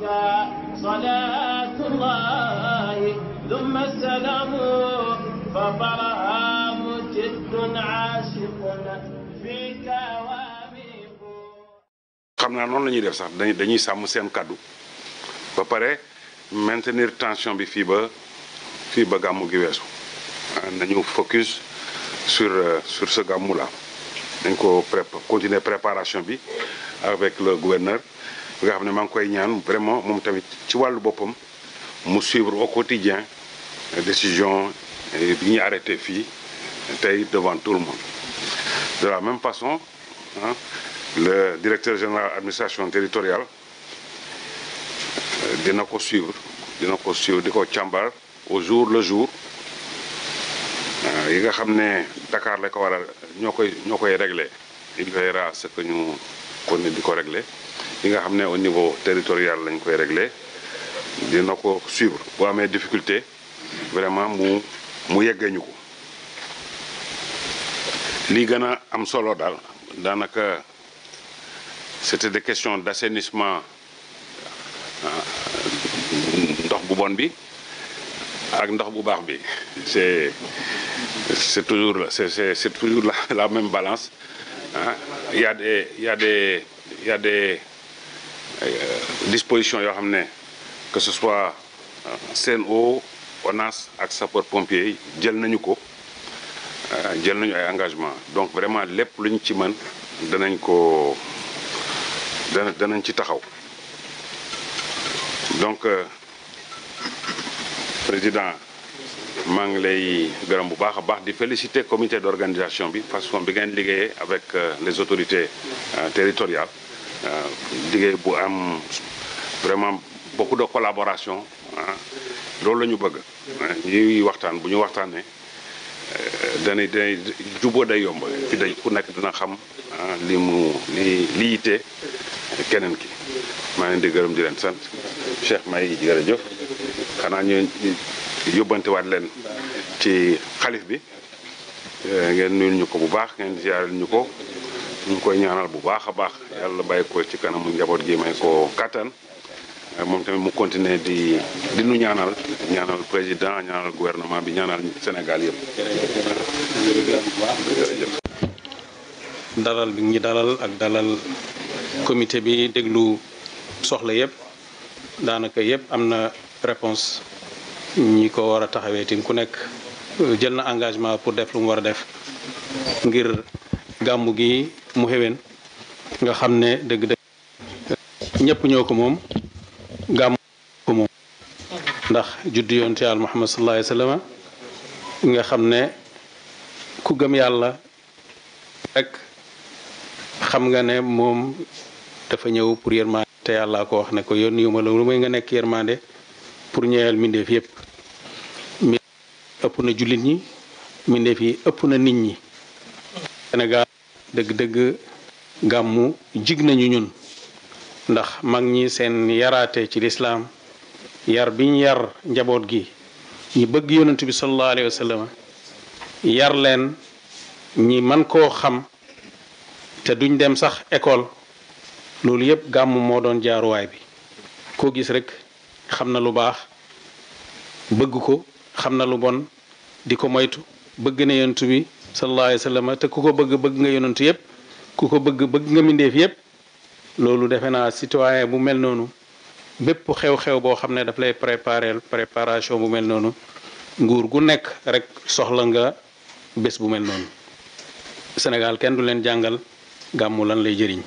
عليك xam naa noon lañuy def sax dañuy sàmm seen kàddu ba pare maintenir tension bi fii ba fii ba gàmmu gi weesu euh, nañu focus sur euh, sur gàmmu là dañ ko pré préparation bi avec le gouverneur bi nga xam ne maa ngi koy ñaan vraiment moom tamit ci wàllu boppam mu suivre au quotidien décision bi ñuy arrêté fii tey devant tout le monde de la même façon hein, le directeur général administration territoriale euh, dina ko suivre dina ko di ko càmbar au jour le jour euh, yi nga xam ne Dakar la ko war ñoo koy ñoo koy réglé il veillera à ce que ñu kon di ko réglé li nga xam ne au niveau territorial lañ koy réglé dina ko suivre boo amee difficulté vraiment mu mu yeggee ñu ko lii gën a am solo daal daanaka c'était des questions d'assainissement euh, ndox bu bon bi ak ndox bu baax bi c'est c'est toujours c'est c'est toujours la, la même balance ah il y a Euh, disposition yoo xam ne que ce seen euh, o ONAS ak sapeur pompier jël nañu ko euh, jël nañu ay engagement donc vraiment lépp luñ ci man danañ ko dana danañ ci taxaw donc président maa ngi lay gërëm bu baax a baax di féliciter comité d'organisation bi parce façon bi ngeen liggéeyee avec les autorités territoriales liggéey bu am vraiment beaucoup de collaboration ah, loolu lañu bëgg ah, ñuy waxtaan bu ñu waxtaanee euh, danay danay jubóo day yomb fi day ku nekk dina xam ah, li mu li li yitte keneen ki maa leen di gërëm di leen sant Cheikh may jërëjëf xanaa ñu yóbbantewaat leen ci xalif bi euh, ngeen nuyul ko bu baax ngeen ziaral ñu ko ñu ngi koy ñaanal bu baax a baax yàlla bàyyi ko ci kanamu njaboot gi may ko kattan euh, moom tamit mu continuer di di nu ñaanal ñaanal président ñaanal gouvernement bi ñaanal Sénégal yëpp. dalal bi ñu dalal ak dalal comité bi déglu soxla yëpp daanaka yëpp am na réponse ñi ko war a taxawee tim ku nekk jël na engagement pour def lu mu war a def ngir gàmmu gi mu xeween nga xam ne dëgg dëgg ñëpp ñoo ko moom gàmm ko moom ndax juddu yonte yàlla muhammad nga xam ne ku gëm yàlla rek xam nga ne moom dafa ñëw pour yërmande te yàlla ko wax ne ko yónni yu lu may nga nekk yërmande pour ñëwal mbindeef yépp ëpp na jullit ñi mbindeef yi ëpp na nit ñi dëgg-dëgg gàmmu jig nañu ñun ndax mag ñi seen yaraate ci lislaam yar biñ yar njaboot gi ñi bëgg yonent bi sallallahu alayhi wa yar leen ñi man koo xam te duñ dem sax école loolu yépp gàmmu moo doon jaaruwaay bi koo gis rekk xam na lu baax bëgg ko xam na lu bon di ko moytu bëgg na yonent bi sallallahu alayhi wa sallam te ku ko bëgg bëgg nga yonent yëpp ku ko bëgg bëgg nga mindeef yëpp loolu defe naa citoyen bu mel noonu bépp xew-xew boo xam ne daf lay préparer préparation bu mel noonu nguur gu nekk rek soxla nga bés bu mel noonu Sénégal kenn du leen jàngal gàmmu lan lay jëriñ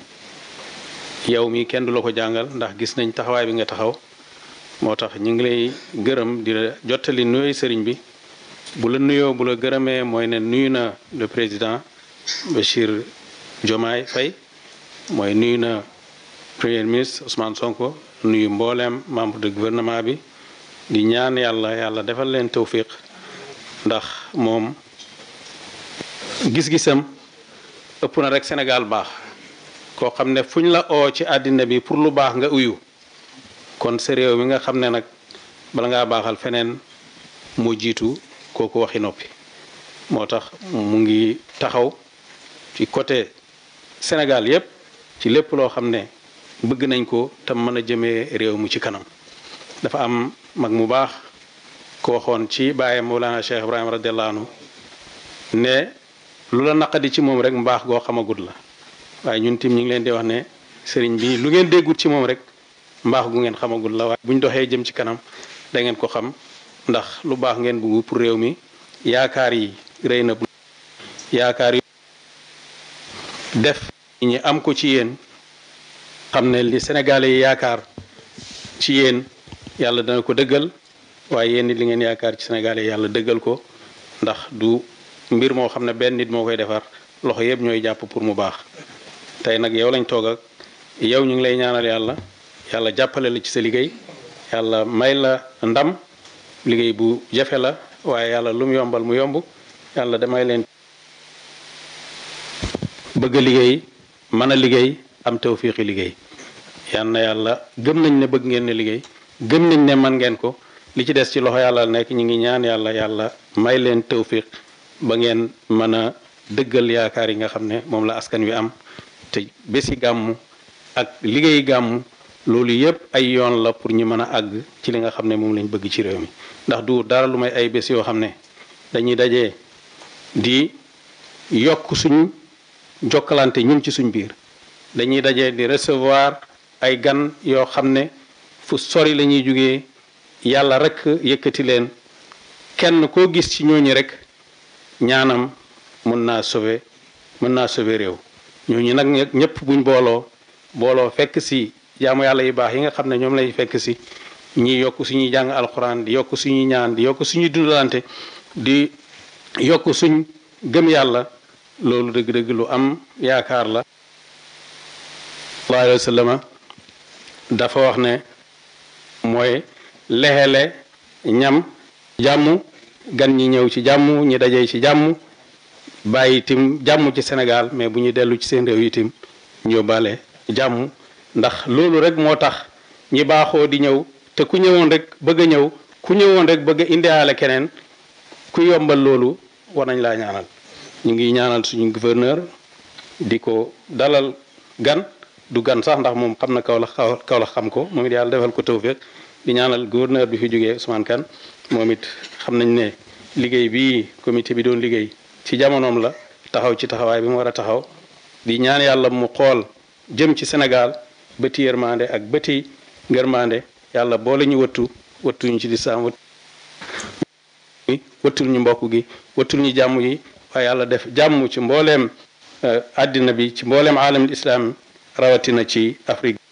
yow mi kenn du la ko jàngal ndax gis nañ taxawaay bi nga taxaw moo tax ñu ngi lay gërëm di la jottali nuyu sëriñ bi bu la nuyoo bu la gërëmee mooy ne nuyu na le président Bachir jomaay Faye mooy nuyu na premier ministre Ousmane Sonko nuyu mbooleem membre de gouvernement bi di ñaan yàlla yàlla defal leen tawfiq ndax moom gis-gisam ëpp na rek Sénégal baax koo xam ne fuñ la oo ci àddina bi pour lu baax nga uyu kon sa réew mi nga xam ne nag bala ngaa baaxal feneen moo jiitu kooku waxi noppi moo tax mu ngi taxaw ci côté senegal yépp ci lépp loo xam ne bëgg nañ ko tam mën a jëmee réew mu ci kanam dafa am mag mu baax ko waxoon ci bàyyam Mawlana Cheikh Ibrahima radiallahu anhu ne lu la naqadi ci moom rek mbaax goo xamagut la waaye ñun tim ñu ngi leen di wax ne sëriñ bi lu ngeen déggut ci moom rek mbaax gu ngeen xamagul la waaye buñ doxee jëm ci kanam da ko xam ndax lu baax ngeen buggu pour réew mi yaakaar yi rëy na bu yaakaar yi def ñi am ko ci yéen xam ne li Sénégalais yi yaakaar ci yéen yàlla dana ko dëggal waaye yéen li ngeen yaakaar ci Sénégalais yàlla dëggal ko ndax du mbir moo xam ne benn nit moo koy defar loxo yëpp ñooy jàpp pour mu baax tey nag yow lañ toog ak yow ñu ngi lay ñaanal yàlla yàlla jàppale la ci sa liggéey yàlla may la ndam liggéey bu jafe la waaye yàlla lu mu yombal mu yomb yàlla damay leen bëgg liggéey mën a liggéey am tawfiixi liggéey yan na yàlla gëm nañ ne bëgg ngeen ne liggéey gëm nañ ne man ngeen ko li ci des ci loxo yàlla nekk ñu ngi ñaan yàlla yàlla may leen tawfiix ba ngeen mën a dëggal yaakaar yi nga xam ne moom la askan wi am te bési gàmmu ak liggéey gàmmu loolu yëpp ay yoon la pour ñu mën a àgg ci li nga xam ne moom lañ bëgg ci réew mi ndax du dara lu may ay bés yoo xam ne dañuy dajee di yokk suñu jokkalante ñun ci suñ biir dañuy dajee di resevoir ay gan yoo xam ne fu sori la ñuy jugee yàlla rek yëkkati leen kenn koo gis ci ñooñu rek ñaanam mën naa sove mën naa sove réew ñooñu nag ñëpp buñ booloo booloo fekk si jaamu yàlla yu baax yi nga xam ne ñoom lay fekk si ñi yokk suñuy jàng alxuraan di yokk suñuy ñaan di yokk suñuy dundalante di yokk suñ gëm yàlla loolu dëgg-dëgg lu am yaakaar la sallallahu alayhi dafa wax ne mooy lexele ñam jàmm gan ñi ñëw ci jàmm ñi dajee ci jàmm bàyyi itam jàmm ci senegal mais bu ñu dellu ci seen réew itam ñu yóbbaale jàmm ndax loolu rek moo tax ñi baaxoo di ñëw te ku ñëwoon rek bëgg a ñëw ku ñëwoon rek bëgg a indiwaale keneen ku yombal loolu war nañ laa ñaanal ñu ngi ñaanal suñu gouverneur di ko dalal gan du gan sax ndax moom xam na kaw la kaw xam ko moom it yàlla defal ko tawfeex di ñaanal gouverneur bi fi jógee Ousmane kan moom it xam nañ ne liggéey bi comité bi doon liggéey ci jamonoom la taxaw ci taxawaay bi mu war a taxaw di ñaan yàlla mu xool jëm ci senegal bëti yërmande ak bëti ngërmande yàlla boole ñu wëttu wëttu ñu ci lislaam wëttul ñu mbokk gi wëttul ñu jàmm yi waaye yàlla def jàmm ci mbooleem eh, àddina bi ci mbooleem aalamul islaam rawatina ci Afrique